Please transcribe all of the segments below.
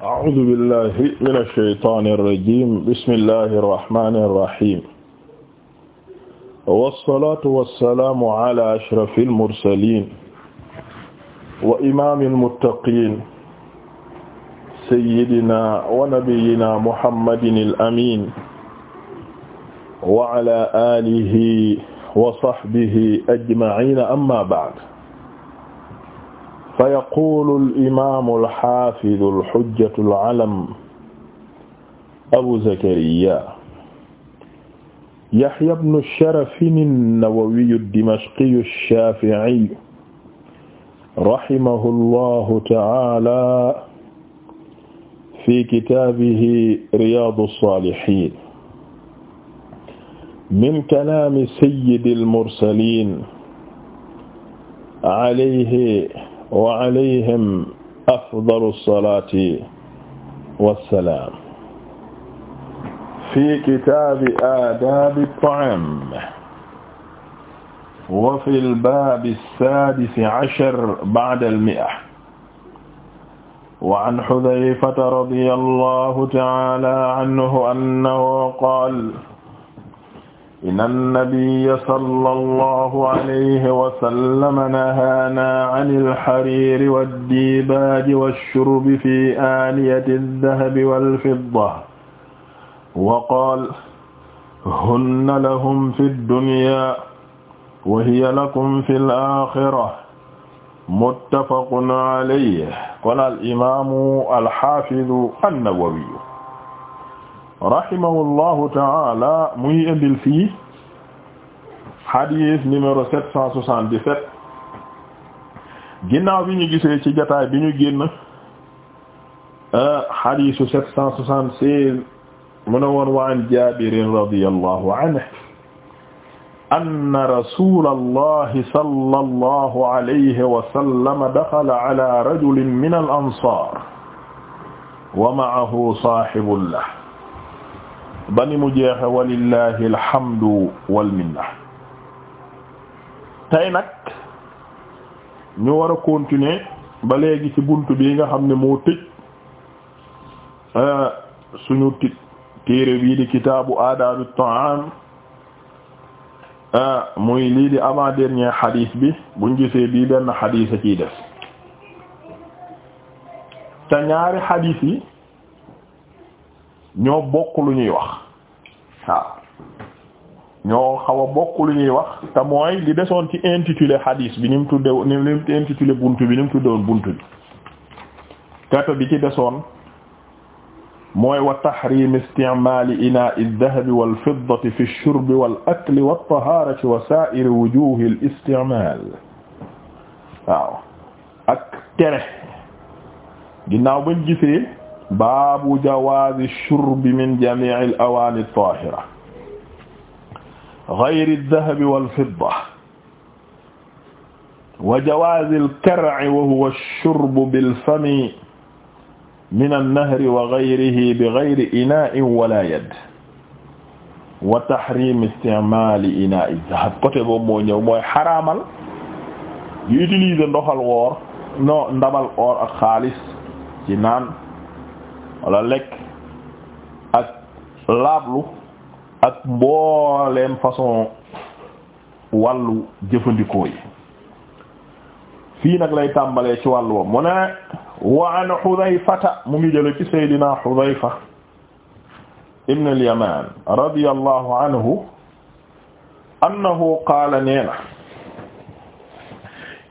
a'uuzu billahi mina shaytaani rajiim bismillahi rahmaani rahiim wassalaatu wassalaamu alaa ashrafil mursaliin wa imaamil muttaqiin sayyidinaa wa nabiyyinaa muhammadinil amiin wa alaa aalihi wa sahbihi ajma'iin amma ba'd fa yaqulu al-imaam al-haafiz al-hujjatu al-alam Abu Zakariya Yahya ibnu Sharafin an-Nawawi ad-Dimashqi ash-Shaafi'i rahimahu Allahu ta'aala fi kitaabihi Riyaadu as-Saalihiin min kalaami sayyidi al-mursaliin alayhi wa alayhim afdalu salaati wassalaam fi kitaabi aadaabi ta'aam wa fil baabi saadisi ashar ba'dal mi'a wa an Hudayfata radiyallahu ta'aala anhu annahu qaala inna nabiyya sallallahu alayhi wa sallam nahaana anil hariiri wad-diibaaji wash-shurbi fii aaniyati ad-dahabi wal-fidda wa qaala hunna lahum fi ad-dunyaa wa hiya lakum fi al-aaxira muttafaqun alayhi qaala al-imaamu al-haafidu an-nawawi rahimahullahu taala muy indil fii hadith numéro 777 ginnaaw bi ñu gisee ci jotaay bi ñu génn euh, hadithu 776 mu ne woon wa an Jaabirin radiyallahu anhu anna rasulallahi sallallahu alayhi wa sallam daxala ala rajulin min al-ansaar wa ma'ahu saahibun lahu ba ni mu jeexe walillahi alhamdu walminna tey nag ñu war a continuer ba léegi ci bunt bi nga xam ne moo tëj euh, suñu ti téere bii di kitaabu aadaabi ta'am euh, muy lii di avant dernier xadiis bi buñ gisee bii benn xadiis a ciy des te ñaari xadiis yi ñoo bokk lu ñuy wax waaw ñoo xawa a bokk lu ñuy wax te mooy li desoon ci intitulé hadis bi ni mu tudde ni mu intitulé buntu bi ni mu tuddewoon buntu bi kata bi ci desoon mooy wa tahrim isti'mal ina adh-dhahab wal fiddati fi ash-shurb wal akl wat taharati wa sa'ir wujuh al-isti'mal waaw ak tere ginnaaw bañ gisee baabu jawaazi shurbi min jamiil awaani taahira gayri dahabi wal fidda wa jawaazil kar'i wa huwa shurbu bil fami minan nahri wa gayrihi bi gayri inaa'in wala yad wa tahriim isti'maali inaa'i dahab côté boobu moo ñëw mooy xaraamal di utiliser ndoxal woor non ndabal or ak xaalis ci naan. wala lekk ak laablu ak mbooleem façon wàllu jëfandikoo yi fii nag lay tàmbalee ci wàllu wa mu wa an Hudhayfata mu ngi jële ci Seydina Hudhayfa ibn al-Yaman radiyallahu anhu annahu qaala neena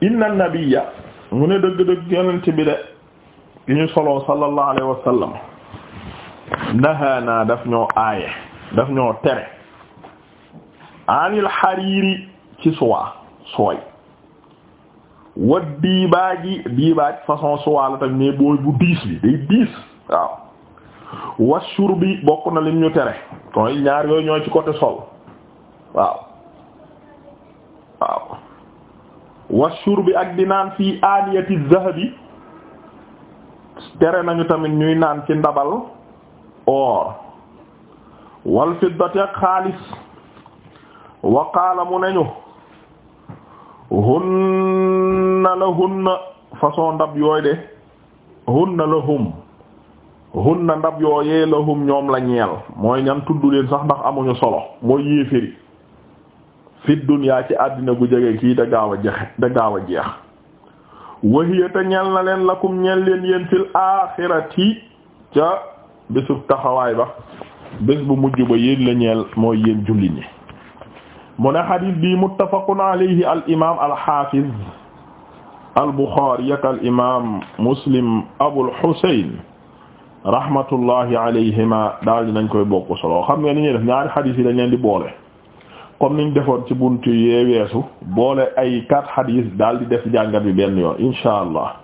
inna an-nabiyya mu dëgg-dëgg yonent bi de ki ñu soloo sallallahu alayhi wa nahaana daf ñoo aaye daf ñoo tere anil xariiri ci suwaa sooy wat diibaaji diibaaj façon suwaa la tamit mais booy bu diis bi day diis waaw was shurbi bokk na lim ñu tere mooy ñaar yooyu ñoo ci côté sol waaw waaw was ak di naan fii aaniyati zahabi tere nañu tamit ñuy naan ci ndabal or wal fiddati ak xaalis wa qaala mu hunna la hunna façon ndab yooy de hunna la hum hunna ndab yooyee la hum ñoom la ñeel mooy ñan tudd leen sax ndax amuñu solo mooy yéeféri fi dunya ci àddina gu jege kii da gaaw a jeexe da gaaw a jeex wahiya ñeel na leen lakum ñeel leen yéen fil aaxirati ca bésub taxawaay ba bés bu mujj ba yéen la ñeel mooy yéen jullit ñi mu ne xadis bi muttafaqun alayhi al imam al hafiz al buxaari ak al imam muslim abul husayn rahmatullahi alayhima daal nañ koy bokk solo xam nga ni ñuy def ñaari xadis dañ leen di boole comme niñ defoon ci buntu yee weesu boole ay quatre xadis daal di def jàngat bi benn yoon insha allah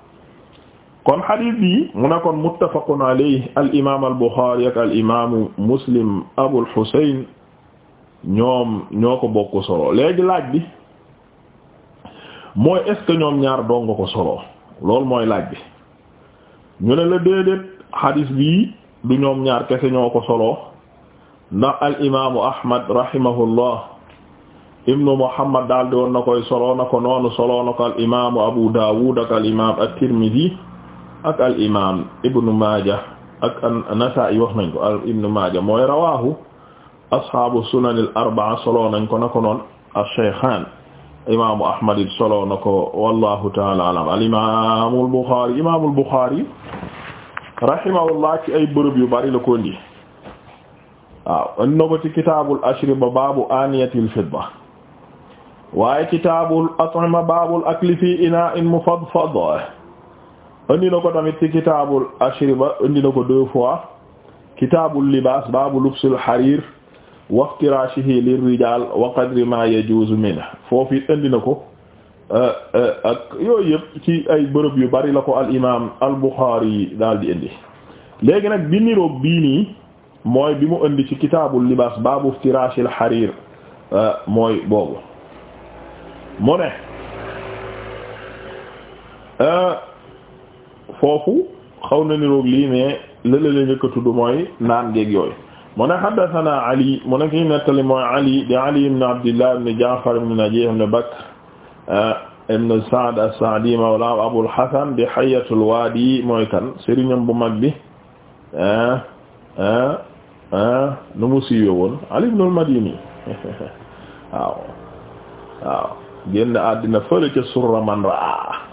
kon xadis bi mu ne kon muttafaqun alayhi al imaam al buxaari ak al imaamu muslim abul xusayn ñoom ñoo ko bokk solo léegi laaj bi mooy est ce que ñoom ñaar dong ko solo loolu mooy laaj bi ñu ne la déedéet xadis bii du ñoom ñaar kese ñoo ko solo ndax al imaamu ahmad rahimahullah ibnu muhammad daal di na koy solo na ko noonu solo na ko al imaamu abu daawud ak al imaam at-tirmidhi ak al imaam ibnu maaja ak an-Nasaa'i wax nañ ko al ibnu maaja mooy rawaahu ashaabu sunan al arbaa solo nañ ko na ko noon ash-shaykhaan imaamu Ahmad solo na ko wallaahu ta'aala a'lam al imaamul Buxaari imaamul Buxaari rahimahullah ci ay bërëb yu bari la ko indi waaw indi na ko ci kitaabul ashriba baabu aaniyatil fidda waaye kitaabul at'ima baabul akli fii inaa'in mufadfad indi na ko tamit ci kitaabul ashriba indi na ko deux fois kitaabul libaas baabu lubsul xariir wa iftiraashihi lirrijaal wa qadri ma yajuuzu minhu foofu it na ko euh, euh, ak ci ay bërëb yu bari la ko al imaam al buxaari yi daal di indi léegi nag bi niroog mooy bi mu indi ci kitaabul libaas baabu iftiraashil xariir euh, mooy boobu mu kooku xaw na niroog lii mais lëla la njëkk a mooy naan géeg yooyu mu ne haddathana ali mu ne ki nettali mooy ali di ali ibn abdillah ibn ja'far ibn najih ibn bakr eh, ibn sa'd as-sa'di mawla abul hasan di hayatul wadi mooy kan sëriñam bu mag bi eh, eh, nu mu siiwe ali ibn al-madini waaw waaw génn àddina surra man raa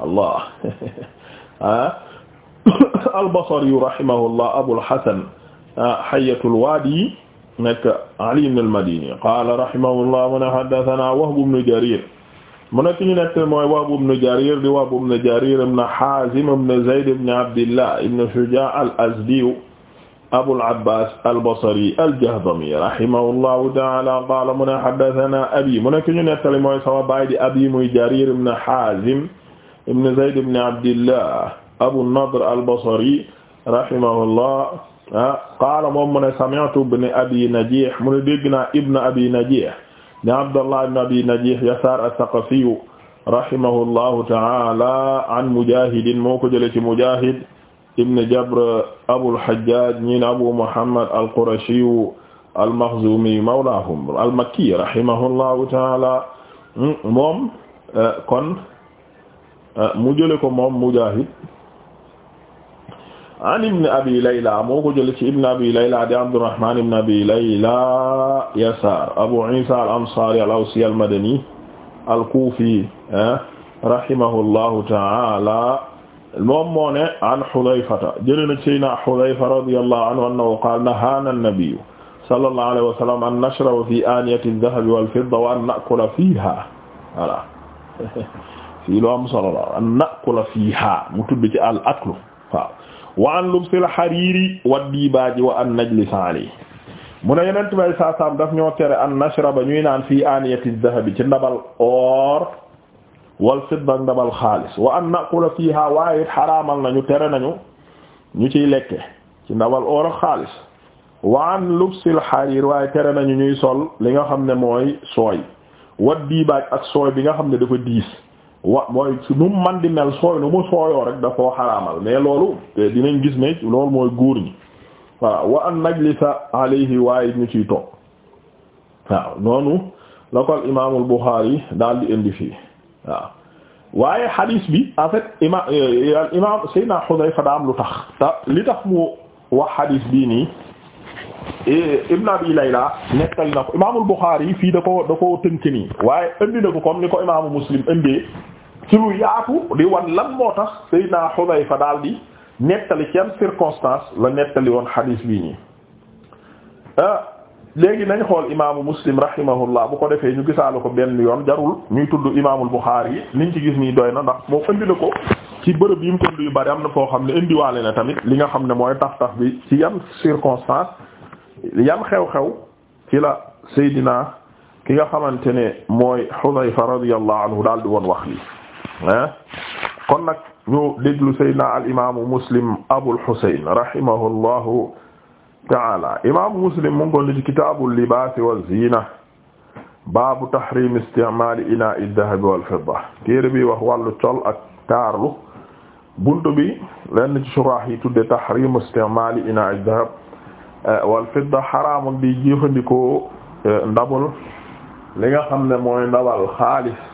al-Basri rahimahullah Abul Hasan ah, Hayyatul Waadi nekk Ali ibn al-Madini qaala rahimahullah mu ne haddathanaa Wahb ibn Jarir mu nekk ñu nekk mooy Wahb ibn Jarir di Wahb ibn Jarir ibn Haazim ibn Zayd ibn Abdillah ibn Shujaa' al-Azdi Abul Abbaas al-Basri al-Jahdami rahimahullahu ta'aala qaala mu ne haddathanaa abii mu nekk ñu nekk mooy sama baay di abii muy Jarir ibn Haazim ibn Zayd ibn Abdillah Abu Nadr al-Basri rahimahullah qaala moom mu ne sami'tu ibn Abi Najih mu ne dégg naa ibn Abi Najih ne Abdallah ibn Abi Najih Yasaar as-Saqafi rahimahullahu ta'ala an Mujaahid moo ko jëlee ci Mujaahid ibn Jabr Abul Hajjaj ñi ne Abu Muhammad al-Qurashi al-Makhzumi mawlaahum al-Makki rahimahullahu ta'ala hmm, moom eh, kon eh, mu jëlee ko moom Mujaahid an ibn abi layla moo ko jële ci ibn abi layla di abdurrahman ibn abi layla yasar abu isa al ansari al awsi al madani al kufi eh, rahimahullahu taala moom moo ne an hudayfata jële na sayna hudayfa radiyallahu anhu annahu qaala nahaana an-nabiyyu sallallahu alayhi wa sallam an nashraba fi aniyati adh-dhahabi wal-fidda wa an na'kula fiha voilà fii lu am solo la an na'kula fiha mu tudd ci al aklu waaw wa an lubsil hariri wa diibaaji wa an najlisa alayhi mu ne yeneen tibay saa saam daf ñoo tere an nashraba ñuy naan fii aniyati dahabi ci ndabal or wal fidda ndabal xaalis wa an naqula fiiha waaye it xaraamal nañu tere nañu ñu ciy lekke ci ndabal or ak xaalis wa an lubsil harir waaye tere nañu ñuy sol li nga xam ne mooy sooy wa diibaaj ak sooy bi nga xam ne dafa diis wa mooy nu man di mel sooy nu mu sooyoo rek da koo xaraamal mais loolu dinañ gis ne loolu mooy góor ñi voilà wa an najlisa waaye ñu ci toog waaw noonu la ko al imaamul daal di indi fii waaw waaye xadiis bi en fait imaam eh, al imaam am lu tax ta li tax mu wax xadiis bii nii eh, Ibn Abi Layla nettali na ko imaamul Buxaari fii da ko da ko tënk nii waaye indi na ko comme ni ko imaamu Muslim indee ci lu yaatu di wan lan moo tax Seydina Xudayfa daal di nettali ci am circonstance la nettali woon xadiis bii nii ah, léegi nañ xool imaamu muslim rahimahullah bu ko defee ñu gisaale ko benn yoon jarul ñuy tudd imaamul Buxaari yi liñ ci gis nii doy na ndax moo indi na ko ci bërëb yi mu ko indi yu bari am na foo xam ne indiwaale na tamit li nga xam ne mooy tax tax bi ci yan circonstance yan xew-xew ci la Seydina ki nga xamante ne mooy Xudayfa radiyallahu anhu daal di woon wax lii kon nag ñu déglu sayyidina al imaamu muslim abul husayn rahimahullahu taala imaamu muslim mu ngi ko ci kitaabul libaas wa ziina baabu tahrim istimaali inaa'i dahabi wal fidda téere bi wax wàllu col ak taarlu buntu bi lenn ci surah yi tudde tahrim istimaali inaa'i dahab eh, wal fidda xaraamu bi jëfandikoo eh, ndabal li nga xam ne mooy ndabal xaalis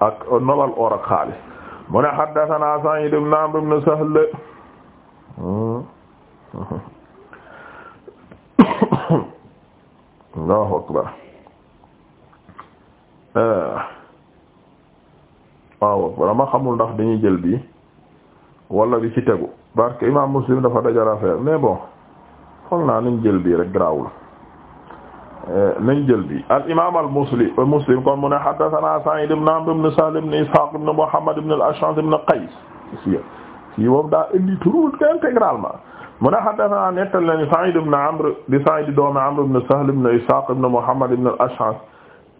ak nobal or ak xaalis mu ne haddathana Sa'id ibn Amr ibn Sahl Allahu akbar Allahu akbar dama xamul ndax dañuy jël bi wala bi ci tegu parce que imam Muslim dafa dajara affaire mais bon xool naa nañ jël bi rek grawul Euh, nañ jël bi al imam al muslim euh, muslim kon mu ne haddathana Sa'id ibn Amr ibn Sahl ibn Ishaq ibn Muhammad ibn al-Ash'ath ibn Qays si si moom daa indi turu intégralement mu ne haddathana nettal nañu Sa'id ibn Amr di Sa'id doomu Amr ibn Sahl ibn Ishaq ibn Muhammad ibn al-Ash'ath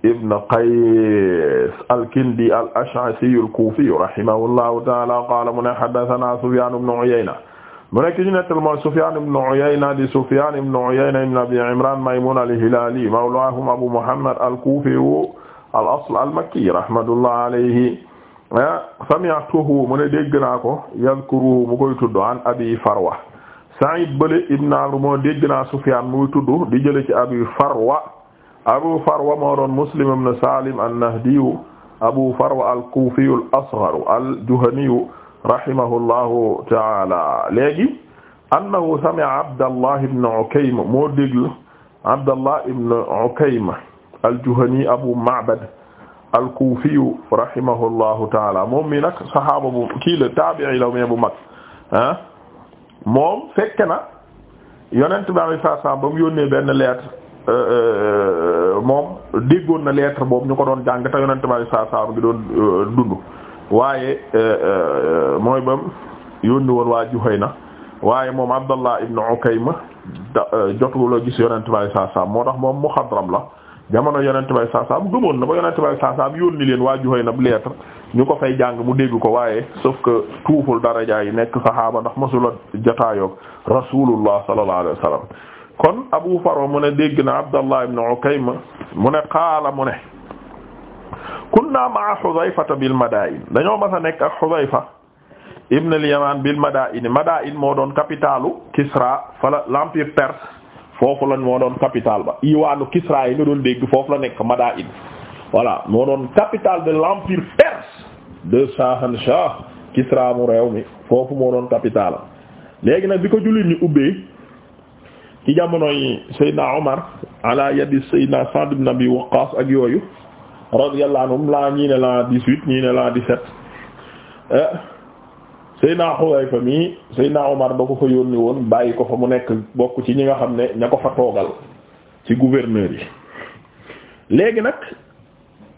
ibn Qays al-Kindi al-Ash'athi al-Kufi rahimahullahu ta'ala qala mu ne haddathana Sufyan ibn Uyayna mu nekk ñu nettal mooy Sufyaan ibn Uyayna di Sufyaan ibn Uyayna ibn Abi Imraan Maymuun al-Hilaali mawlaahum Abu Muhammad al-Kuufi al-asl al-Makki rahmatullah alayhi ah, sami'tuhu mu ne dégg naa ko yadhkuruhu mu koy tudd an Abi Farwa Sa'iid bële ibn Amr moo dégg naa Sufyaan muy tudd di jële ci Abi Farwa Abu Farwa moo doon Muslim ibn Saalim an-Nahdi Abu Farwa al-Kuufi al-Asghar al-Juhani rahimahullahu taala léegi annahu sami'a Abdallah ibn Ukaym moo déglu Abdallah ibn Ukaym al-Juhani Abu Ma'bad al-Kufi rahimahullahu taala moom mi nag saxaaba bu kii la taabi'i la mais bu mag ah moom fekk na yonent bi alayhi salaam ba mu yónnee benn lettre euh, euh, moom déggoon na lettre boobu ñu ko doon jàng te yonent bi alayhi salaam bi doon euh, dund. waaye eh, eh, mooy bam yónni woon waa na waaye moom Abdallah ibn Ukayma da eh, jotul a gis yonent bay saa saam moo tax moom muxadram la jamono yonent bay saa saam gëmoon na ba yonent bay saa saam yónni leen waa Juhayna lettre ñu ko fay jàng mu dégg ko waaye sauf que tuuful daraja yi nekk saxaaba ndax mosula jotaayoog rasulullah sallallahu alayhi kon Abu Farwa mu ne dégg na Abdallah ibn Ukayma mu ne qaala mu ne. kunna ma'a Hudhayfata bil Madaa'in dañoo mas a nekk ak Hudhayfa ibn al bil Madaa'in Madaa'in moo doon capitalu Kisra fala l'empire perse foofu la moo doon capital ba iwaanu Kisra yi nga doon dégg foofu la nekk Madaa'in voilà moo doon capital de l'empire perse de Shahanshah Kisra mu réew mi foofu moo doon capitale léegi nag bi ko jullit ñi ubbee ci jamonoy Seydina ala yadi Seydina Sa'd ibn Abi Waqqas ak yooyu radiyallahu anhum la ñii ne la dix-huit ñii ne la dix-sept eh, Seydina Xudayfa mi Seydina Omar da ko fa yónni woon bàyyi ko fa mu nekk bokk ci ñi nga xam ne ña ko fa toogal ci gouverneur yi léegi nag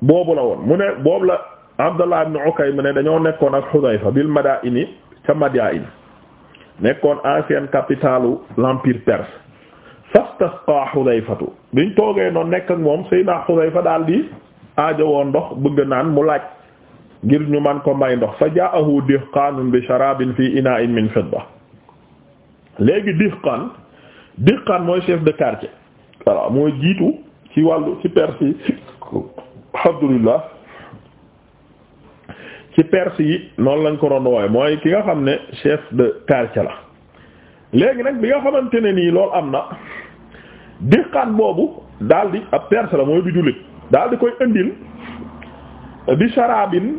boobu la woon mu ne boobu la Abdallah ibn Ukay mu ne dañoo nekkoon ak Xudayfa bil Madaini ca Madain nekkoon ancienne capitalu l'empire perse fastasqa Xudayfatu biñ toogee noonu nekk ak moom Seydina Xudayfa daal di aajowoo ndox bëgg naan mu laaj ngir ñu man ko may ndox fa jaahu dihqaanun bi sharabin fi ina'in min fidda léegi dihqaan dihqaan mooy chef de quartier voilà mooy jiitu ci wàllu ci perse yi alhamdulillah ci perse yi noonu lañ ko doon woowe mooy ki nga xam ne chef de quartier la léegi nag bi nga xamante ne nii loolu am na dihqaan boobu daldi ab perse la mooy du jullit daal di koy indil bi sharabin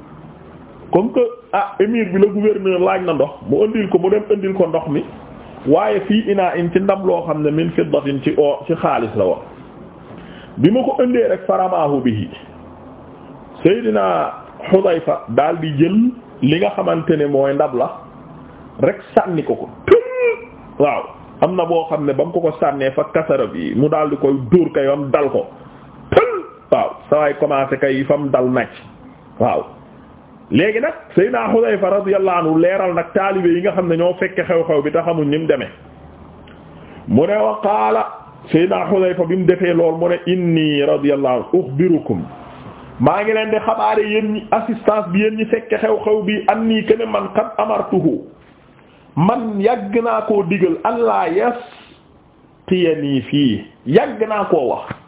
comme que ah émir bi la gouverneur laaj na ndox mu indil ko mu dem indil ko ndox mi waaye fii inaa in ci ndab loo xam ne min fiddatin ci oo ci xaalis la woon bi ma ko indee rek faramaahu bihi Seydina fa daal di jël li nga xamante ne mooy ndab la rek sànni ko ko waaw am na boo xam ne ba mu ko ko sànnee fa kasara bii mu daal di koy dóor kayam dal ko waaw sawaay commencé kay fam dal nacc waaw léegi nag Seydina Xudayfa radiyallahu anhu leeral nag taalibe yi nga xam ne ñoo fekke xew-xew bi ta xamuñ ni mu demee mu ne wa qaala Seydina Xudayfa bi mu defee lool mu ne inni radiyallahu anhu uxbirukum maa ngi leen di xabaare yéen assistance bi yéen ñi fekke xew-xew bi an nii kene man qad amartuhu man yàgg naa koo digal allah yasqiyanii fii yàgg naa koo wax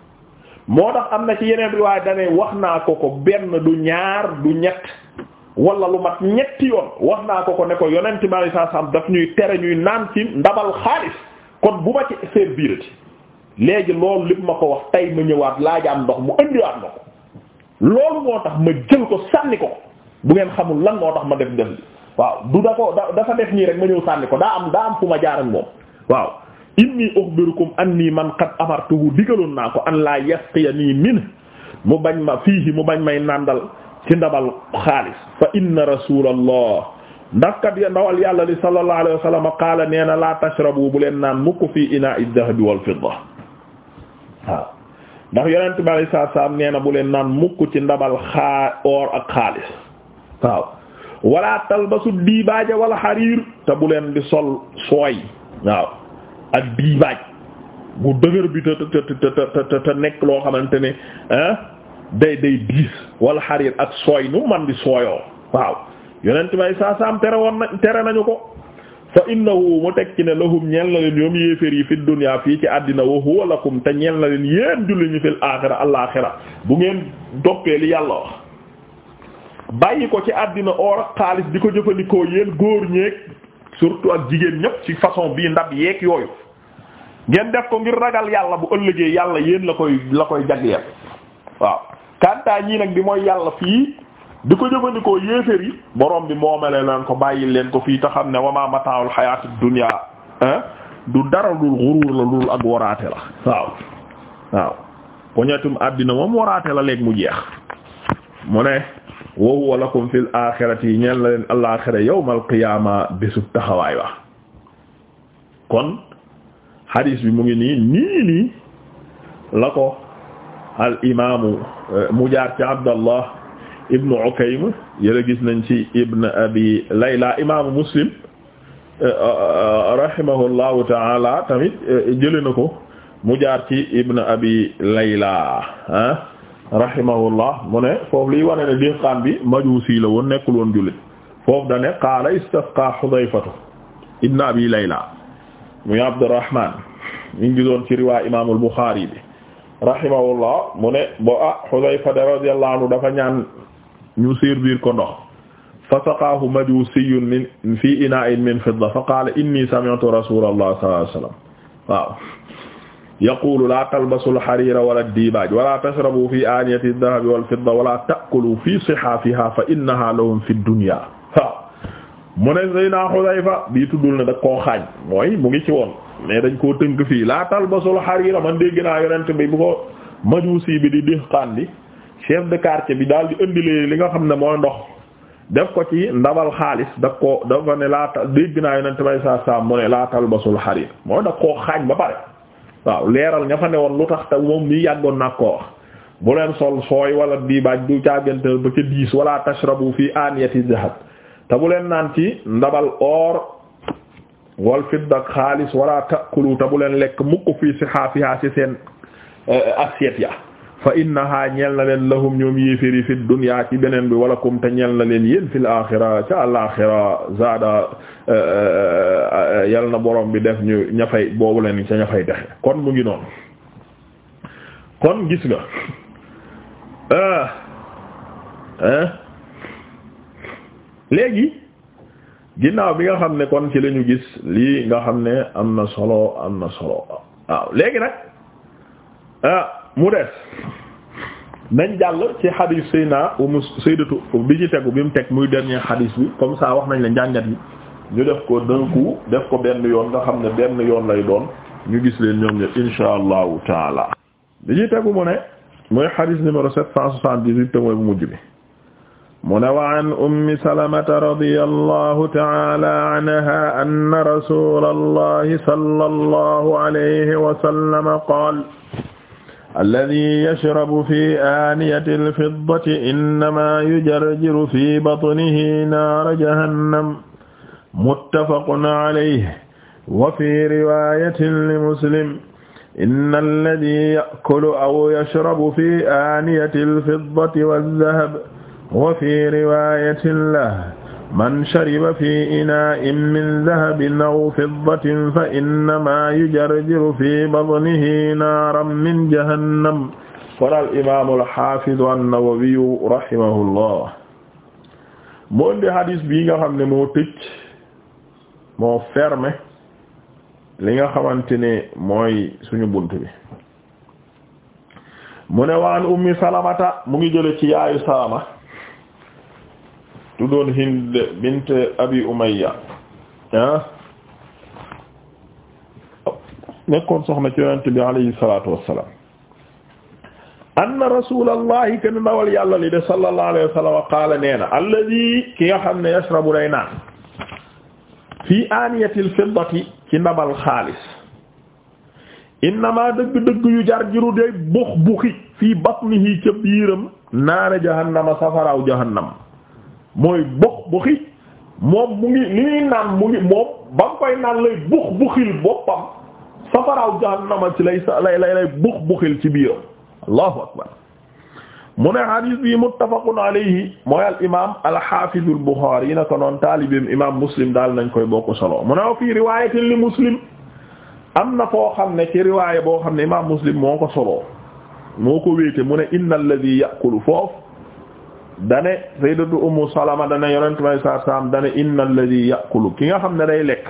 moo tax am na ci yeneen riwaay dane wax naa ko ko benn du ñaar du ñett wala lu mat ñetti yoon wax naa ko ko ne ko yonent bi sallallahu alayhi daf ñuy tere ñuy naan ci ndabal xaalis kon bu ma ci servir léegi loolu lépp ma ko wax tey ma ñëwaat laaj am ndox mu indiwaat ma ko loolu moo tax ma jël ko sànni ko ko bu ngeen xamul lan moo tax ma def def waaw du da ko dafa def nii rek ma ñëw sànni ko daa am daa am fu ma jaar ak moom waaw inni ukhbirukum anni man qad amartuhu digaloon naa ko an laa yasqiyani min mu bañ ma fiihi mu bañ may nàndal ci ndabal xaalis fa inna rasulallah ndax kat ya ndawal yàlla li sallallahu alayhi wa sallam qaala nee na laa tashrabu bu leen naan mukk fii inaa'i dahabi wal fidda waaw ndax yonent bi alayhi salaatu salaam nee na bu leen naan mukk ci ndabal xaa or ak xaalis waaw wala talbasu diibaaja wal xariir te bu leen di sol sooy waaw ak diibaaj bu dëgër bi te te te te nekk loo xamante ne ah day day diis wala xarir ak sooy nu man di sooyoo waaw yonent may saa saam tere woon tere nañu ko fa innahu mu teg ne lahum ñeel na leen ñoom yéeféer yi fi dunya fii ci àddina wa huwa lakum te ñeel na leen yéen julli ñu fil aaxira alaaxira bu ngeen doppee li yàlla wax bàyyi ko ci àddina or ak xaalis di ko jëfandikoo yéen góor ñeeg surtout ak jigéen ñëpp ci façon bii ndab yeeg yooyu ngeen def ko ngir ragal yàlla bu ëllëgee yàlla yéen la koy la koy jagleel waaw kantaa ñii nag bi mooy yàlla fii di ko jëfandikoo yéeféer yi borom bi moomele leen ko bàyyi leen ko fii te xam ne wama mata'ul hayatid dunya du dara lul xuruur la lul ak waraate la waaw waaw poñetum àddina moom waraate la léegi mu jeex mu ne wa huwa lakum fil aaxirati ñeel na leen alaaxira yawmal qiyaama bésub taxawaay wa kon hadis bi mu ngi nii nii nii al imaamu euh, mu jaar ci Abdallah Ibn Ukaym yëla gis nañ ci Ibn Abi Layla imaamu Muslim euh, euh, rahimahullahu taala tamit jëlee ko mu jaar ci Ibn Abi Layla rahimahullah mu ne foofu liy wane ne dihqaan bi majuusi la woon nekkul woon jullit foofu da ne qaala istasqa Hudayfatu ibn Abi Layla muy Abdurrahman ñu ngi gisoon ci riwaa imaamul Buxaari bi rahimahullah mu ne bo ah Hudayfa radiyallahu anhu dafa ñaan ñu servir ko ndox fa saqaahu majuusiyun min fi inaa'in min fidda fa qaala inni sami'tu rasulallah sallallahu alayhi wasallam waaw yaqulu laa talbasu alxarira wala dibaaj wala tashrabu fi aaniyati aldahabi walfidda wala taakulu fi sihaafiha fa innaha lahum fi dunya waaw mu ne Seydina Xudayfa bii tuddul ne da koo xaañ mooy mu ngi ci woon mais dañ koo tënk fii la talbasu alxarira man dégg naa yonent bi bu ko majuusi bi di dixkaan bi chef de quartier bi daal di indilee li nga xam ne mooy ndox def ko ci ndabal xaalis da ko dafa ne laa dégg naa yonent bay saa saa mu ne la talbasu alxarira koo xaañ ba pare waaw leeral ña fa lu tax te moom mii yàggoon nag koo wax bu leen sol sooy wala diibaaj du càggantal ba ca diis wala tashrabu fi aniyati dhahab te bu leen naan ci ndabal or wal fidda ak xaalis wala takulu te bu leen lekk mukk fii sihaafiha ci seen eh, assiette ya fa innaha ñeel na leen lahum ñoom yéeféri fi dunya ci beneen bi wala kum te ñeel na leen yéen fil axira ca àlaxira zaada euh, euh, euh, yal na borom bi def ñu ña fay boobu leen ca ña fay dexe kon mu ngi noonu kon gis nga léegi ginnaaw bi nga xam ne kon ci lañu gis lii nga xam ne am na solo am na solo waaw léegi nag Ah, mu des nañ jàll ci xadis sayna umu bi ci tegu bi mu teg muy dernier xadis bi comme ça wax nañ la njàngat yi ñu def ko d'un def ko benn yoon nga xam ne benn yoon lay doon ñu gis leen ñoom ñëpp insha allahu taala bi ci tegu mu ne mooy xadis numéro sept cent soixante dix te mooy mujj bi mu ne wa an ummi salamata radi allahu taala anha anna rasula allahi qaal alladi yashrabu fi aaniyati alfiddati innama yujarjiru fi batnihi naara jahannam muttafaqun alayhi wa fi riwaayatin li muslim inna alladi yakulu aw yashrabu fi aaniyati alfiddati wazzahabi wa fi riwaayatin lahu man shariba fi inaa'in min dahabin aw fiddatin fa innamaa yujarjiru fi batnihi naaran min jahannam qaala al-imaam al-haafiz an-Nawawi indi hadis bii nga xam ne moo tëj moo fermé li nga xamante ne mooy suñu bunt bi mu ne ummi salamata mu ngi jële ci yaayu salama tuddoon Hind bint Abi Umayya ah nekkoon soxna ci yonent bi alayhi salaatu wassalaam anna rasulallahi ken ndawal yàlla li de sallallahu alayhi wa sallam qaala nee na alladi ki nga xam ne yashrabu day naan fii aaniyatil fiddati ci ndabal xaalis innama dëgg-dëgg yu jar jiru day bux buxi fii batnihi ca biiram naara jahannama safaraaw jahannam mooy bux buxi moom mu ngi li ñuy naan mu ngi moom ba mu lay bux buxil boppam safaraaw jahannama ci lay sa lay lay lay bux buxil ci biiram allahu akbar mu ne hadis bi muttafaqun alayhi mooy al imaam al haafiz al buxaari yi naka noonu taalibeem imaam muslim daal nañ koy bokk solo mu ne wa fii li muslim am na foo xam ne ci riwaaya boo xam ne imaam muslim moo ko solo moo ko wéete mu ne inna alladhi ya'kulu foofu dane sayyidatu ummu salama dane yonent may saa dane innal ladhi yaqulu ki nga xam ne day lekk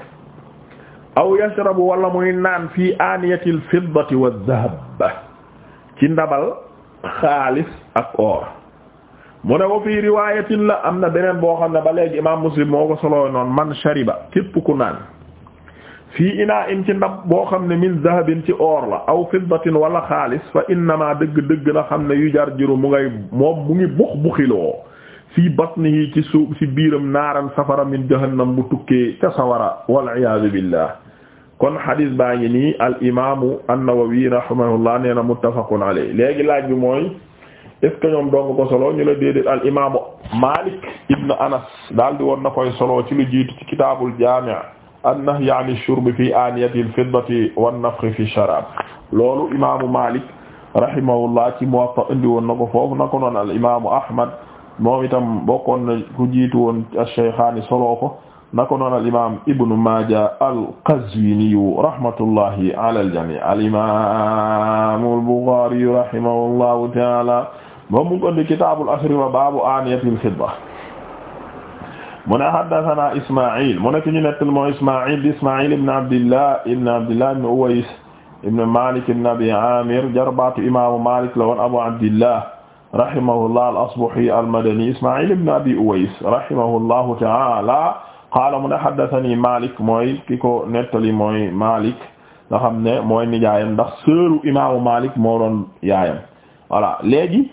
aw yashrabu wala muy naan fii aniyatil fiddati wa dhahab ci ndabal xaalis ak or mu ne wa fii riwayatin la am na beneen boo xam ne ba léegi imam muslim moo ko soloo noonu man shariba képp ku naan fii inaa in ci ndab boo xam ne min zahabin ci or la aw fiddatin wala xaalis fa innama dëgg dëgg na xam ne yu jar jiru mu ngay moom mu ngi bux buxiloo fii batnihi ci suuf ci biiram naaran safara min jahannam bu tukkee ca sawara waliyasu billah kon xadis baa ngi nii al imamu an-Nawawi rahimahullah nee na muttafaqun alayhi léegi laaj bi mooy est ce que ñoom dong ko solo ñu la déedéet al imamu Malik ibn Anas daal di woon na koy solo ci lu jiitu ci kitaabul jaami' an-nahyi ani shurbi fi aaniyati al-fiddati wan-nafxi fi sharaab loolu imaamu Maalik rahimahullah ci Muwatta indi woon na ko foofu na ko noon al imaamu Ahmad moom itam bokkoon na ku jiitu woon ash-shaykhaani solo ko na ko noon al imaam Ibnu Maaja al-Qazwiini rahmatullahi ala al-jamii' al imaamu al-Bukhaari rahimahullahu ta'aala moom mu ngi indi kitaabul asri wa baabu aaniyatil xidma mu ne haddathana Isma'il mu ne ki ñu nettal moo Isma'il di Isma'il ibn Abdillah ibn Abdillah ibn Uways ibn Malik ibn Abi Amir jarbaatu imaamu Malik la woon Abu Abdillah rahimahullah al-Asbahi al-Madani Isma'il ibn Abi Uways rahimahullahu ta'ala qaala mu ne haddathani Malik mooy ki ko nettali mooy Malik nga xam ne mooy nijaayam ndax seeru imaamu Malik moo doon yaayam voilà léegi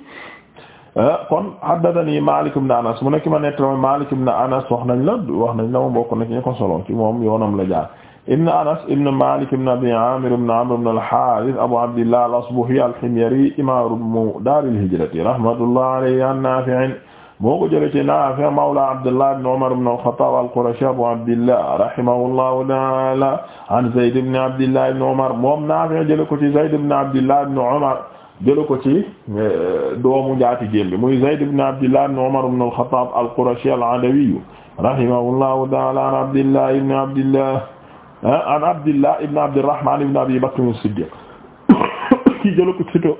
Eh, kon haddathanii Maalik ibn Anas mu nekk ma nettali Maalik ibn Anas wax nañ la wax nañ la moom bokk na ci ñu ko solo ci moom yoonam la jaar ibn Anas ibn Maalik ibn Abi Aamir ibn Amr ibn al-Haarith Abu Abdillah al-Asbahi al-Himyari imaamu daar al-hijrati rahmatullahi alayhi an Naafi' moo ko jëlee ci Naafi' mawla Abdullah ibn Umar ibn al-Khattab al-Qurashi Abu Abdillah rahimahullahu ta'ala an Zayd ibn Abdillah ibn Umar moom Naafi' jëlee ko ci Zayd ibn Abdillah ibn Umar jëla ko ci euh, doomu njaatigéem bi muy Zayd ibn Abdillah ibn Umar ibn al-Khattab al-Qurashi al-Adawi rahimahullahu ta'ala an Abdillah ibn Abdillah ah, an Abdillah ibn Abdirrahman ibn Abi Bakr as-Siddiq ki jëla ko ci to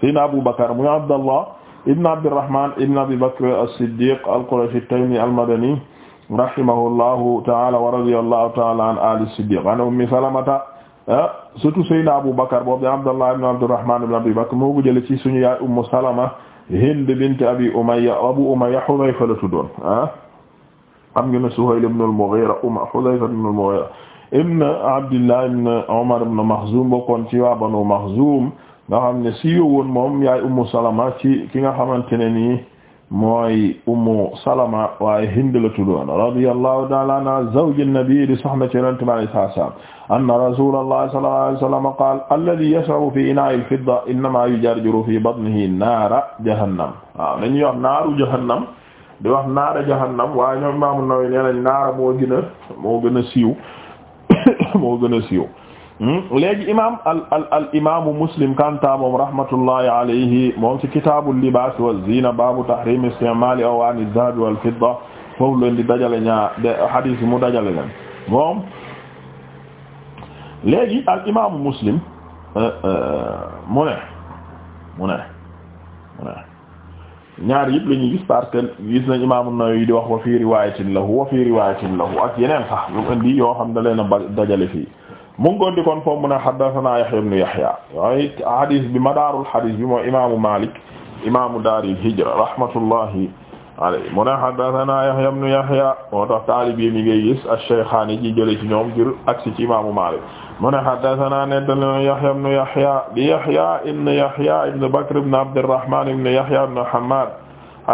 Sayyidina Abu Bakr muy Abdallah ibn Abdirrahman ibn Abi Bakr as-Siddiq al-Qurashi at-Taymi al-Madani rahimahullahu ta'ala wa radiyallahu ta'ala an ali as-Siddiq an Ummi Salamata Ah, surtout Seydina Abu Bakar boobu Abdallah ibn Abdurrahman ibn Abi Bakr moo ko jële ci suñu yaay Ummu Salama Hind bint Abi Umayya Abu Umayya Hudayfa la tuddoon ah am ngeen Suhayl ibn al-Mughira Umma Hudayfa ibn al-Mughira ibn Abdillah ibn Umar ibn Makhzum bokkoon ci waa Banu Makhzum nga xam ne si woon moom yaay Ummu Salama ci ki nga xamante ne nii mooy Ummu Salama waaye Hind la tuddoon radiyallahu ta'ala anha zawj an-nabi di soxna ci Yonent bi sallallahu alayhi wa sallam anna rasulallah sallallahu alayhi wa sallam qaala alladhi yashrabu fi inaa'il fidda innama yujarjiru fi batnihi naara jahannam waaw dañuy wax naaru jahannam di wax naara jahannam waaye ñoom Imaam Nawawi nee nañ naara moo gën a moo gën a siiw moo gën a siiw hmm? léegi imaam al al al imaamu Muslim kanta moom rahmatullahi alayhi moom ci kitaabu libaas wa ziina baabu tahriim isti'maali awaani zahabi wal fidda foofu leen di dajale ñaar de hadith mu dajale leen moom. léegi al imaamu muslim euh, euh, mu ne mu ne mu ne ñaar yëpp la ñuy gis parce que gis nañ di wax wa fii riwaayatin lahu wa fii riwaayatin lahu ak yeneen sax yu indi yoo xam ne leen a fii mu ngi di kon foofu mu ne haddathana Yahya ibn Yahya waaye hadith bi madaarul hadith bi mooy imaamu Maalik imaamu daaril hijra alay mu ne haddathana Yahya ibn Yahya moo tax taalibi mi ngay gis ash-Shaykhaani ji jële ci ñoom ngir aksi ci imaamu Maalik mu ne haddathana nettali Yahya ibn Yahya di Yahya ibn Yahya ibn Bakr ibn Abdirrahmaan ibn Yahya ibn Hammaad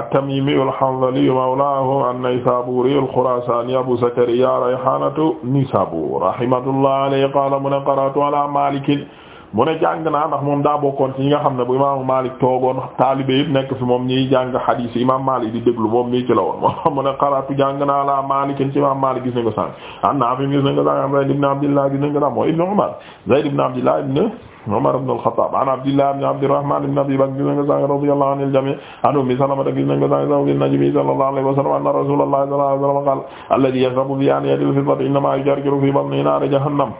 at-Tamiimi al-Hanzali mawlaahum an-Naysaabuuri al-Khuraasaani Abu Zakariyaa rayhaanatu Naysaabuur rahimahullah alayhi qaala mu ne qara'tu ala Maalik mu ne jàng naa ndax moom daa bokkoon ci ñi nga xam ne bu imaamu Malik toogoon taalibe yëpp nekk fi moom ñiy jàng xadiis yi imaam Malik di déglu moom mii ci la woon moom mu ne xalaatu jàng naa la Malik ci imaam Malik gis nañ ko sànq am naa fi gis nañ ko sànq am Zayd ibn Abdillah gis nañ ko sànq mooy ibn Umar Zayd ibn Abdillah ibn Umar ibn al-Khattab an Abdillah ibn Abdirrahman ibn Abi Bakr gis nañ ko sànq radiyallahu anil jami' an Ummi Salama gis nañ ko sànq zawjin Nabi sallallahu alayhi wa sallam anna Rasulullah sallallahu alayhi wa sallam qala alladhi yashrabu bi aniyatil fiddati innama yujarjiru fi batnihi nara jahannam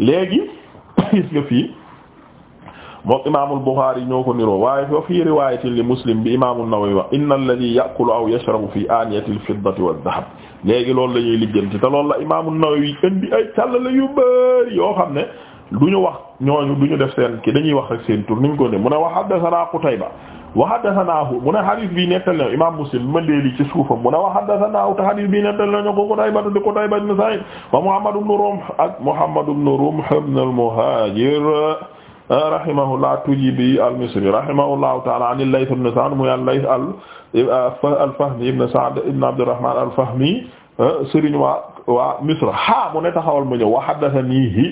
léegi gis nga fii moom imaamul Buxaari ñoo ko niroo waaye fa fii riwaayatin li Muslim bi imaamul Nawawi wax inna alladhi ya'kulu aw yashrabu fi aaniyatil fiddati wad dahab léegi loolu la ñuy lijjanti te loolu la imaamul Nawawi indi ay càllale yu bari yoo xam ne du ñu wax ñooñu du ñu def seen ki dañuy wax rek seen tur ni ñu ko ne mu ne wax haddathana Qutayba wa haddathanaahu mu ne hadith bi nettal na imam Muslim bi ma deeli ci suufam mu ne wa haddathanaahu te hadith bi nettal na ñu ko Qutayba di Qutayba ibn Sa'id wa Muhammad ibn Rumh ak Muhammad ibn Rumh ibn al-Muhajir rahimahullah Tujibi al-Misri rahimahullahu ta'ala an al-Layth ibn Sa'd mu al-Layth al-Fahmi ibn Sa'd ibn Abdurrahman al-Fahmi sëriñ waa waa Misr ha mu ne taxawal mu ñëw wa haddathanihi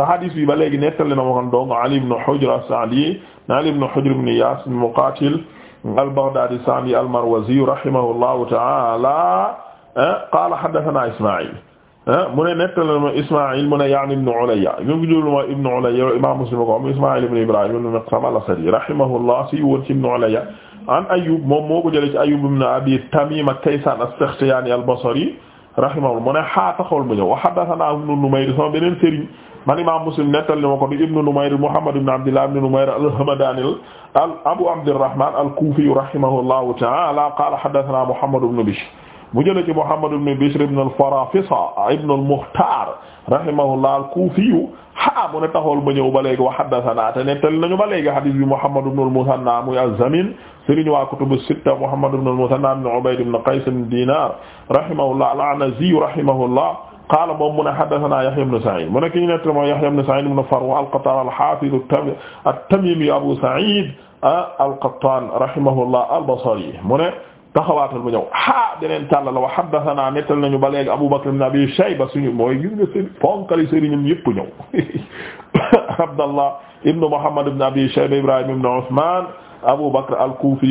te hadis bi ba léegi nettali na ma kon donc Ali ibn Hujr as-Sa'di Ali ibn Hujr ibn Iyas ibn Muqatil al-Baghdadi as-Sa'di al-Marwazi rahimahullahu ta'ala eh, qala haddathana Isma'il eh, mu ne nettali na ma Isma'il mu ne ya'ni ibn Ulayya ñu jël ma ibn Ulayya imam Muslim ko Isma'il ibn Ibrahim ibn Miqsam al-Asadi rahimahullah si woon ci ibn Ulayya an Ayyub moom moo ko jëlee ci Ayyub ibn Abi Tamim ak Kaysan as-Sakhtiyani al-Basri rahimahullah mu ne xaa taxawal mu ñëw wa haddathana ibnu Numayr sama beneen sëriñ man imaam Muslim nettali ma ko di ibnu Numayr Muhammad ibnu Abdillah ibnu Numayr al-Hamdani al Abu Abdirrahman al-Kufi rahimahullahu ta'ala qala haddathana Muhammad ibnu Bishr mu jëlee ci Muhammad ibnu Bishr ibnu al-Farafisa ibnu al-Mukhtar rahimahullah al-Kufiyu ha mu ne taxool ba ñëw ba léegi wa haddathana te nettali nañu ba léegi hadith bi Muhammad ibn al-Muthanna muy az-Zamin sëriñu waa kutubu sitta Muhammad ibn al-Muthanna ibn Ubayd ibn Qays ibn Dinar rahimahullah al-Anazi rahimahullah qaala moom mu ne haddathana Yahya ibn Sa'id mu ne ki ñu nettali mooy Yahya ibn Sa'id ibn Farwa al-Qattan al-Hafiz at-Tamimi Abu Sa'id al-Qattan rahimahullah al-Basri mu ne taxawaatal bu ñëw ha deneen càlla la wa haddathana nettal nañu ba léegi Abu Bakr ibn Abi Shayba suñu mooy gis nga sëri ponkali sëriñam yëpp ñëw Abdallah ibn Muhammad ibn Abi Shayba Ibrahim ibn Uthman Abu Bakr al-Kufi mu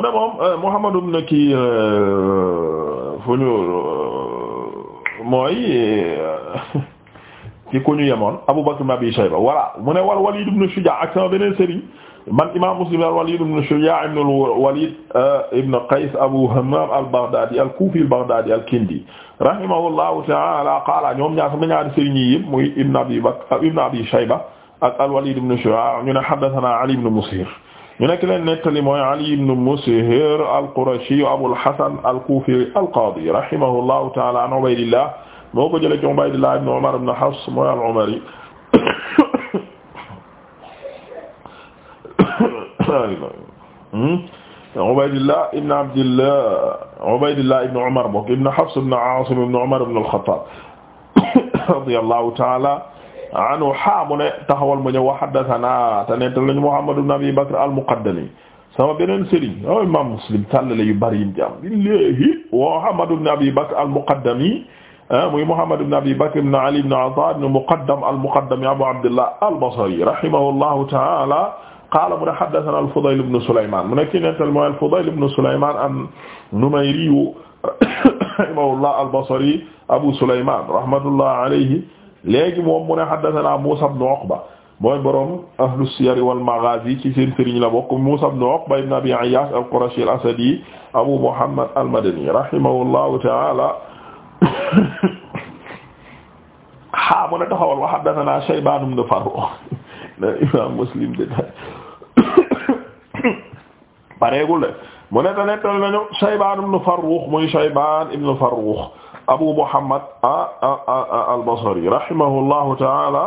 ne euh, euh, fu ñu euh, mooy ci ku ñu yemoon Abu Bakr ibn Abi Shayba voilà mu ne wal Walid ibn Shujaa ak sama beneen sëriñ man imam Muslim al Walid ibn Shujaa ibn al-Walid euh, ibn Qays Abu Hammam al-Baghdadi al-Kufi al-Baghdadi al-Kindi rahimahullahu ta'ala qaala ñoom ñaar sama ñaari sëriñ yi yëpp muy ibn Abi Bakr euh, ibn Abi Shayba ak al-Walid ibn Shujaa ñu ne haddathana Ali ibn Mushir ñu nekk leen nettali mooy Ali ibn Mushir al-Qurashi Abu al-Hasan al-Kufi al-Qadi rahimahullahu ta'ala an Ubaydillah moo ko jëlee ci Ubaydillah ibn Umar ibn Hafs mooy al-Umari Ubaydillah ibn Abdillah Ubaydillah ibn Umar bokk ibn Hafs ibn Asim ibn Umar ibn al-Khattab radiyallahu ta'ala anhu xaamu ne taxawal mu ñëw wa haddathana te nente lañu Muhammad ibn Abi Bakr al-Muqaddami sama beneen sëriñ o imam Muslim tàllale yu bari yim ci am billahi Muhammad ibn Abi Bakr al-Muqaddami Ah, muy Muhammad ibn Abi Bakr ibn Ali ibn Ata ibn Muqaddam al-Muqaddami Abu Abdillah al-Basri rahimahullahu ta'ala qaala mu ne haddathana al-Fudayl ibn Sulayman mu ne kii nettal mooy al-Fudayl ibn Sulayman an-Numayri rahimahullah al-Basri Abu Sulayman rahmatullah alayhi léegi moom mu ne haddathana Musa ibn Uqba mooy borom ahlu siyar wal maghazi ci seen sëriñ la bokk Musa ibn Uqba ibn Abi Ayyash al-Qurashi al-Asadi Abu Muhammad al-Madani rahimahullahu ta'ala ah mu ne taxawal wa haddathana Shaybaan ibn Farrukh imaam Muslim de pareegul de mu ne nettal nañu Shaybaan ibn Farrukh muy Shaybaan ibn Farrukh Abu Muhammad al-Basri rahimahullahu ta'ala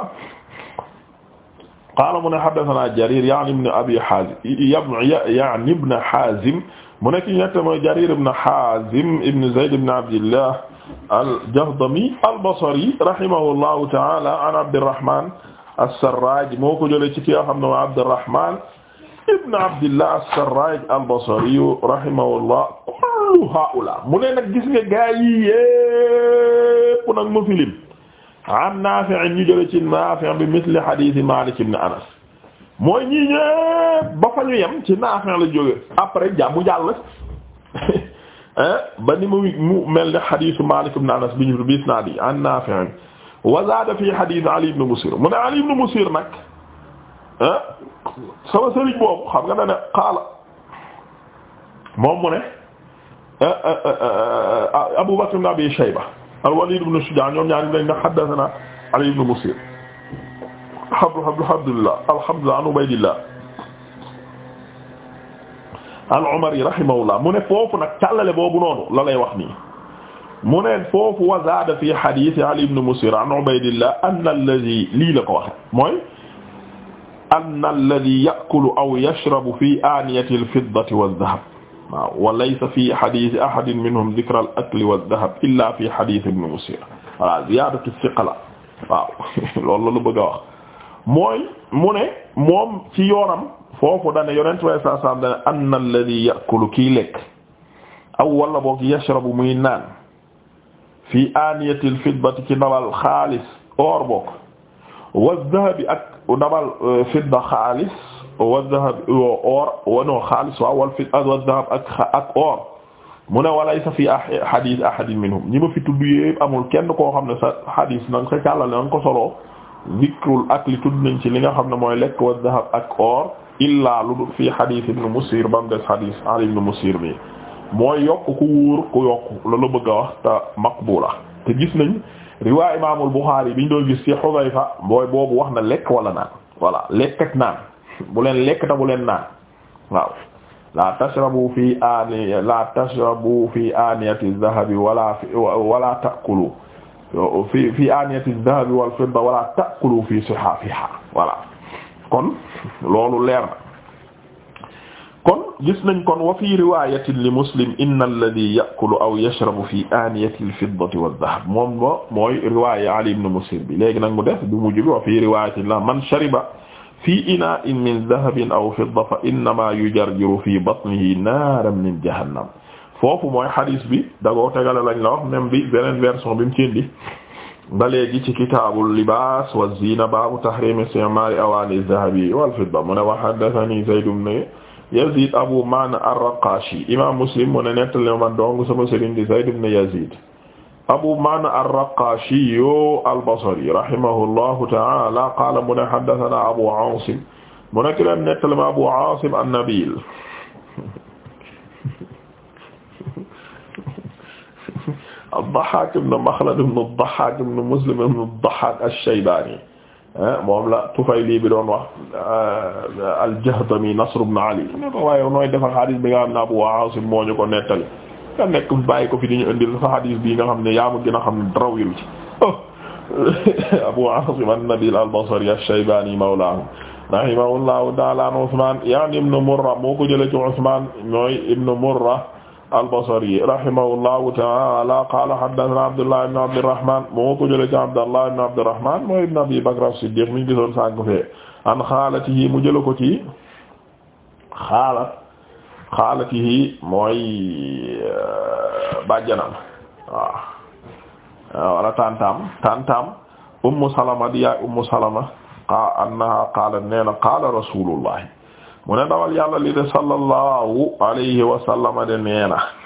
qaala mu ne haddathana Jarir ya'ni ibn Abi Haazim ya'ni ibn Haazim mu ne ki ñett mooy Jarir ibn Haazim ibn Zayd ibn Abdillah al-Jahdami al-Basri rahimahullahu ta'ala an Abdurrahman sarraj moo ko jëlee ci ki nga xam ne waa Abdurrahman ibn Abdillah as-Sarraj al-Basri rahimahullah kullu haula mu ne nag gis nga gaay yi yépp nag mu filim an Nafi' ñu jëlee ci Nafi' bi misli Malik ibn Anas mooy ñii ñëpp ba yem ci Nafi' la jóge après jàmm jàll ba ni mu mu mel ne xadiisu Maalik ibn Anas bi ñu bis naa di an Naafi' wa zaada fii xadiis Ali ibn Musir mu ne Ali ibn Musir nag ah sama sëriñ boobu xam nga ne qaala moom mu ne eh, eh, eh, Abu Bakr ibn Abi Shayba al-Walid ibn Shujaa ñoom ñaar ñu ne haddasanaa Ali ibn Musir alhamdulillah alhamdulillah an Ubaydillah al-Umari rahimahullah mu ne foofu nag càllale boobu noonu la lay wax nii mu ne foofu wa zaada fi hadith Ali ibn Musir an Ubaydillah anna alladhi lii la ko waxe mooy anna alladhi ya'kulu aw yashrabu fi aaniyati al-fiddati waz-zahab waaw wa laysa fi hadith ahadin minhum dhikra al-akli waz-zahab illa fi hadith ibn Musir voilà ziyaadatu thiqa la waaw loolu la bëgg a wax mooy mu ne moom ci yoonam foofu dane yonent way saa saam dane anna alladhi ya'kulu kii lekk aw wala boog yashrabu muy naan fii aniyatil fidbati ci ndabal xaalis or boog wa dhahabi ak ndabal euh, fidda xaalis wa dhahab euh, or wanoo xaalis waaw wal fid wa dhahab ak ak or mu ne walaysa fi ah-, hadith ahadin minhum ñi ma fi tudd yépp amul kenn koo xam ne sa hadith nanga sa càllale nanga ko soloo zikrul akli tudd nañ ci li nga xam ne mooy lekk wa dhahab ak or illaa lu dul fii hadith ibn Musir ba mu des hadith Ali ibn Musir bi mooy yokk ku wóor ku yokk la la bëgg a wax te maqbula te gis nañ riwaay imaamul Buxaari biñ doon gis ci Xudayfa mooy boobu wax na lekk wala naan voilà lekk ak naan bu leen lekk te bu leen naan waaw la tashrabu fi ani la tashrabu fi aniyati dhahabi wala wala ta'kulu fi fi aniyati dhahabi wal fidda wala ta'kulu fi sihafiha voilà kon loolu leer kon gis nañ kon wa fi riwayatin li muslim inna alladhi ya'kulu aw yashrabu fi aniyati al fi wad-dhahab moom moo mooy riwaya ali ibn muslim bi léegi nag mu def bu mujj bi wa fi riwayatin la man shariba fi ina'in min dhahabin aw fidda fa innama yujarjiru fi batnihi naaran min jahannam foofu mooy hadis bi dagoo tegale lañ la wax bi beneen version bi mu ci ba léegi ci kitaabul libaas wa ziina baabu tahriim isti'maali awaani zahabi wal fidda mu ne wa haddathanii Zayd ibn Yazid Abu Ma'n ar-Raqaashi imaam Muslim mu ne nettali ma dong sama sëriñ di Zayd ibn Yazid Abu Ma'n ar-Raqaashi al-Basri rahimahullahu ta'aala qaala mu ne haddathanaa Abu Aasim mu ne ki leen nettali ma Abu Aasim an-Nabiil ad-Dahhaak ibn Maxlad ibn ad-Dahhaak ibn Muslim ibn ad-Dahhaak ash-Shaybaani eh, moom la Tufayli bi doon wax eh, al-Jahdami Nasr ibn Ali ne ko waaye nooy defar xadiis bi nga xam ne Abu Aasim moo ñu ko nettali nga nekk bàyyi ko fi di ñu indil fa xadiis bii nga xam ne yaa ma gën a xam ne dara wiru ci oh. Abu Aasim an-Nabiil al-Basri ash-Shaybaani mawlaahum rahimahullahu ta'aala an Usmaan yaani ibn Murra moo ko jëlee ci Usmaan mooy ibn Murra al-Basri rahimahullahu ta'ala qala haddathana Abdullah ibn Abdirrahman moo ko jëlee ci Abdullah ibn Abdirrahman mooy ibn Abi Bakr as-Siddiq mi ngi gisoon sànq fee an xaalatihi mu jëlee ko ci xaalat xaalatihi mooy euh, bàjjanam waaw wala tantam tantam Ummu Salama di yaay Ummu Salama annaha qaalat nee na qaala Rasulullah mu ne dawal yàlla li de sallallahu alayhi wa sallam de neena